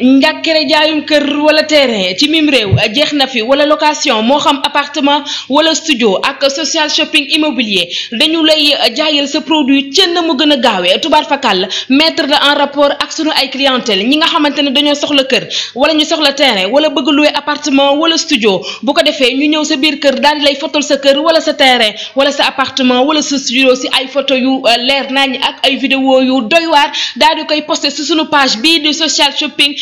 njàkkere jaayum keur wala terrain ci mim réew jeex fi wala location Moham xam appartement wala studio ak social shopping immobilier dañu lay jaayel sa produit cën na mu gëna gaawé tubar fakal mettre en rapport ak suñu ay clientèle ñi nga xamante ne dañoo soxla keur wala ñu soxla terrain wala bëgg louer appartement wala studio bu ko défé ñu ñëw sa biir keur dal di lay fotol sa keur wala sa terrain wala sa appartement wala sa studio ci ay photo yu euh, leer nañ ak ay vidéo yu doy waar dal di koy posté ci suñu page bi du social shopping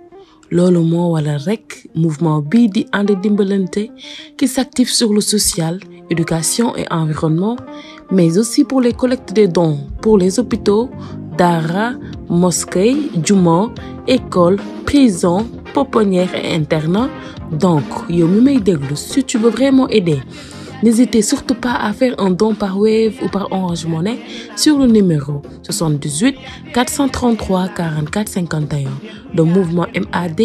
loolu moo mouvement bii di qui s'active sur le social éducation et environnement mais aussi pour les collectes de dons pour les hôpitaux Dara, mosquées, jumeaux, écoles, prisons, pouponnières et internats. donc yow may si tu veux vraiment aider N'hésitez surtout pas à faire un don par Wave ou par Orange monnaie sur le numéro 78 433 44 51 le mouvement MAD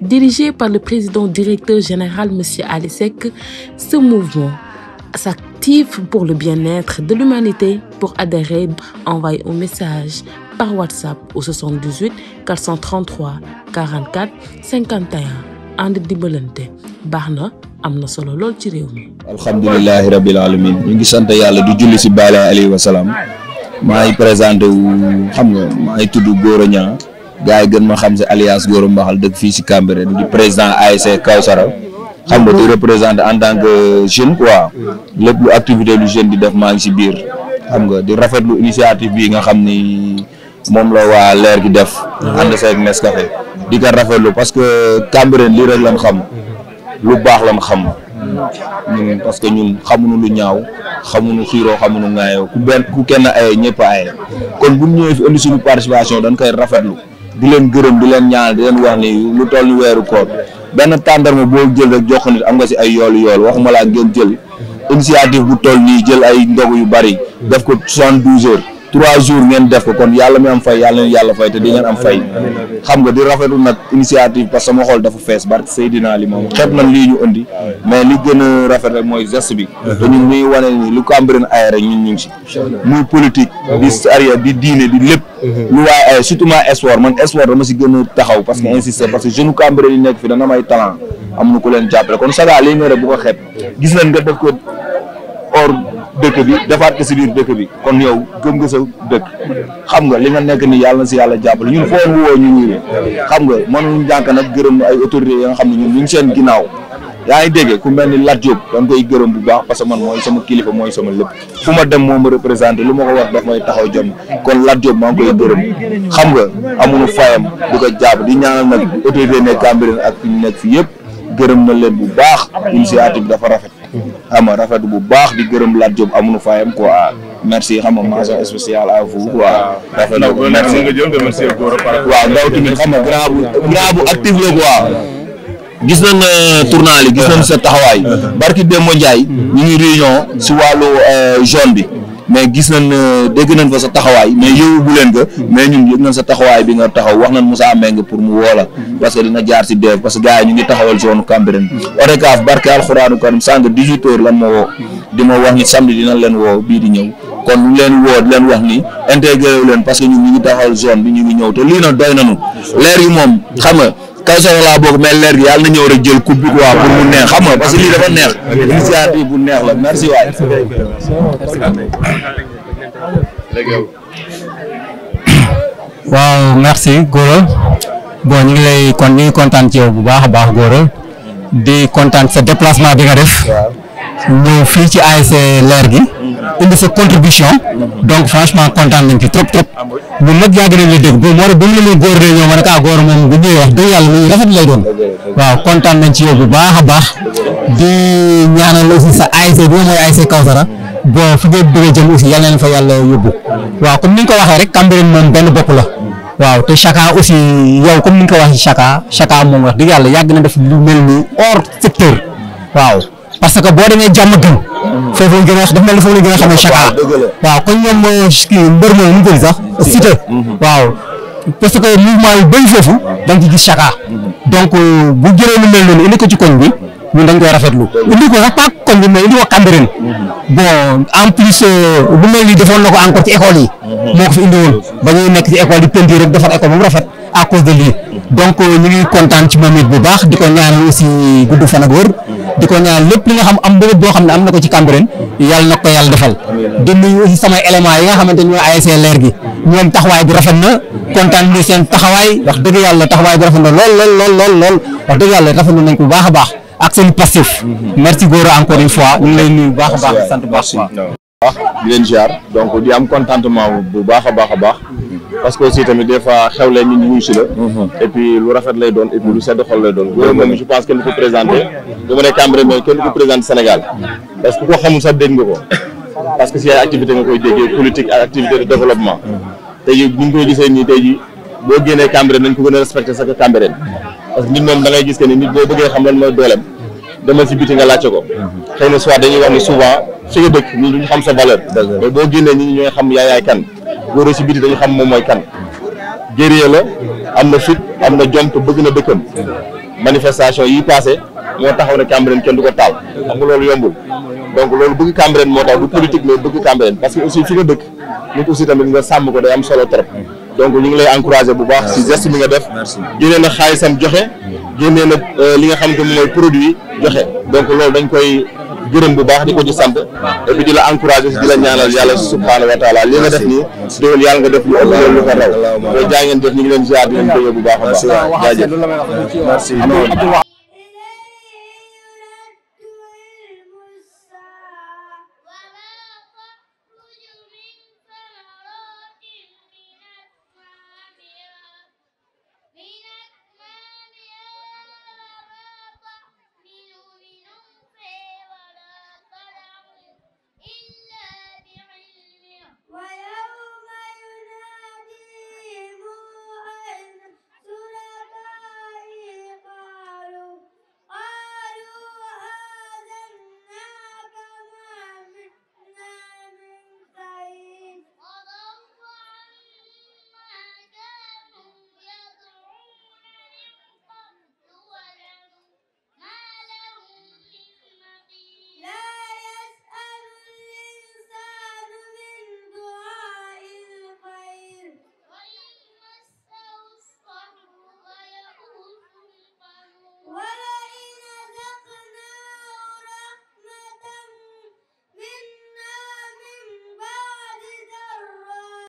dirigé par le président directeur général M. Alessek. Ce mouvement s'active pour le bien-être de l'humanité. Pour adhérer, envoyez un message par WhatsApp au 78 433 44 51. ànd dimbalante baax na am na solo lool ci réew mi. alhamdulilahi rabil alamin ñu ngi sant yàlla di julli si baale alayhi wa salaam maay présenté wu xam nga maay tudd Gora Niang gars yi gën ma xam si alliance Gora Mbaxal dëkk fii si Cambérène di président ASC Kawsara xam nga di représenté en tant que jeune quoi lépp lu activité lu jeune di def maa ngi si biir xam nga di lu initiative bi nga xam ni. mom la wa leer gi def. ànd seeg Nescafé di ka rafelu parce que cambrien li rek lañ xam. lu bax lañ xam. ñun parce que ñun xamunu lu ñaaw xamunu xiro xamunu ngaayo ku ben ku kenn ay ñepp ay kon bu ñëw fi andi suñu participation dañ koy rafetlu di leen gëreum di leen ñaanal di leen wax ni lu toll ni weeru koor benn tàndarma jël rek jox nit am nga ci ay yool yool waxuma la gën jël initiative bu toll ni jël ay ndog yu bari def ko sun heures trois jours ngeen def ko kon yàlla mi am fay yàlla leen yàlla fay te di ngeen am fay xam nga di rafetlu nag initiative parce que sama xol dafa fees barke Seydina li moom xeeb nañ li gën a rafet rek mooy geste bi uh-huh. te ñun ñuy wane ni lu Cambérène ay rek ñun ñu si muy politique di sariya di diine di lépp uh-huh. lu waaye ay surtout ma espoir man espoir dama si gën taxaw parce que uh-huh. insister parce que jeune Cambérène nekk fi dana may talent am na ku leen jàppale kon dëkk bi defaat ko si biir dëkk bi kon yow gëm nga sa dëkk xam nga li nga nekk ni yàlla si yàlla jàppale ñun foo ñu woo ñu ñëwee xam nga man jànk nag gërëm ay autorités yi nga xam ne ñu ngi seen ginnaaw yaa ngi dégg ku mel ni Lat Diop danga koy gërëm bu baax parce que man mooy sama kilifa mooy sama lépp fu ma dem moo ma lu ma ko wax daf may taxaw jot kon Lat Diop maa ngi koy gërëm xam nga amuñu fayam di ko jàpp di ñaanal nag autorité nekk Cambérène ak fi ñu nekk fii yëpp gërëm na leen bu baax initiative bi dafa rafet xam nga rafet bu baax di gërëm Lat Diop amuñu fayam quoi merci xam nga mention spéciale à vous quoi rafet na merci waaw ndaw tamit xam nga grand bu grand bu actif la quoi gis nañ euh, tournant li gis nañ sa taxawaay barki Demba Ndiaye ñu ngi réunion si wàllu euh, zone bi mais gis nañ dégg nañ fa sa taxawaay mais yow bu leen ko mais ñun yëg nañ sa taxawaay bi nga taxaw wax na nañ Moussa Mbengue pour mu woo la parce que dina jaar si deef parce que gars yi ñu ngi taxawal zone Cambérène ODCAV barke alxuraanu karim sàng 18 heures lan ma woo di ma wax ni samedi dina leen woo bii di ñëw kon ñu leen woo di leen wax ni intégré leen parce que ñun ñu ngi taxawal zone bi ñu ngi ñëw te lii na doy nañu leer yi moom xam nga Kaysoor a bokk mais leer gi yàlla na ñëw rek jël coupe bi quoi pour mu neex xam nga parce que lii dafa neex initiative bu neex la merci waay. waaw merci Gora bon ñu ngi lay kon kontaan ci yow bu baax a baax Gora di kontaan sa déplacement bi nga def. ñëw fii ci ASC Leer gi mm-hmm. indi sa contribution mm-hmm. donc franchement kontaan nañ ci trop trop ah, bu mag yàgg nañ la dégg moom war a ba mu ne ma góor ñëw ma ne ah góor moom bu ñëwee wax dëgg yàlla lu rafet lay doon waaw kontaan nañ ci yow bu baax a baax di ñaanal aussi sa ASC bi mooy ASC Kawsara mm-hmm. bon fi nga bëgg a jëm aussi yal na leen fa yàlla yóbbu waaw comme ni nga ko waxee rek Cambérène moom benn bopp la waaw te Chaka aussi yow comme ni nga ko waxee Chaka Chaka moom wax dëgg yàlla yàgg na def lu mel ni hors secteur waaw. parce que boo demee jàmm gën foofu gën a daf mel ni foofu la gën a xamee Chaka waaw kon ñoom mooy euh, kii mbër mooy mu gën sax cité mm-hmm. waaw parce que mouvement yu bëri foofu da nga ci gis Chaka mm-hmm. donc euh, bu jëlee lu mel noonu indi ko ci koñ bi ñun dañ koy rafetlu indi ko sax pas koñ bi mais indi ko Cambérène mm-hmm. bon en plus euh, lu mel ni defoon na ko encore ci école yi moo ko fi indi woon ba ñuy nekk ci école yi peinture rek defar école moom rafet à cause de lii donc ñu ngi kontaan ci moom it bu baax di ko ñaan aussi gudd fan ak wër di ko ñaan lépp li nga xam am bërëb boo xam ne am na ko ci Cambérène yàlla na ko yàlla defal di nuyu aussi samay élément yi nga xamante ñooy ASC Leer gi ñoom taxawaay bi rafet na kontaan ni seen taxawaay wax dëgg yàlla taxawaay bi rafet na lool lool lool lool lool wax dëgg yàlla rafet nañ ko bu baax a baax ak seen passif mm-hmm. merci Gora encore une fois ñu ngi lay nuyu bu baax a baax sant bu baax di leen ziar donc di am contentement bu baax a baax a baax parce que aussi tamit des fois xewle nit ñi wuyu si la. Mhm. et lu rafet lay doon et lu sedd xol lay doon. loolu moom je pense kenn du ko présenté. dama ne Cambérène mais kenn du présenté Sénégal. parce que ko xamul sax dégg nga ko. parce que si ay activité nga koy déggee politique ak activité de développement. Mhm. tey jii bu ñu koy gisee nii tey jii boo génnee Cambérène nañ ko gën a respecté sax Cambérène. parce que nit moom da gis que nit boo bëggee xam lan mooy dooleem. góor si biti dañu xam moom mooy kan guerrier la am na fit am na jom te bëgg na dëkkam manifestation yi passé moo taxaw ne Cambérène kenn du ko taal xam nga loolu yombul donc loolu bëgg Cambérène moo tax du politique mais bëgg Cambérène parce que aussi fi nga dëkk nit aussi tamit nga sàmm ko day am solo trop donc ñu ngi lay encouragé bu baax si geste bi nga def génnee na xaalisam joxe génnee na euh, li nga xam te moom mooy produit joxe donc loolu dañ koy gërëm bu baax di ko ci sant et puis di la encouragé si di yàlla subhaanahu wa taala li nga def nii déwén yàlla nga def lu ëpp lu ko raw mais jaa ngeen def ñu ngi leen ziar di leen bëgg bu baax a baax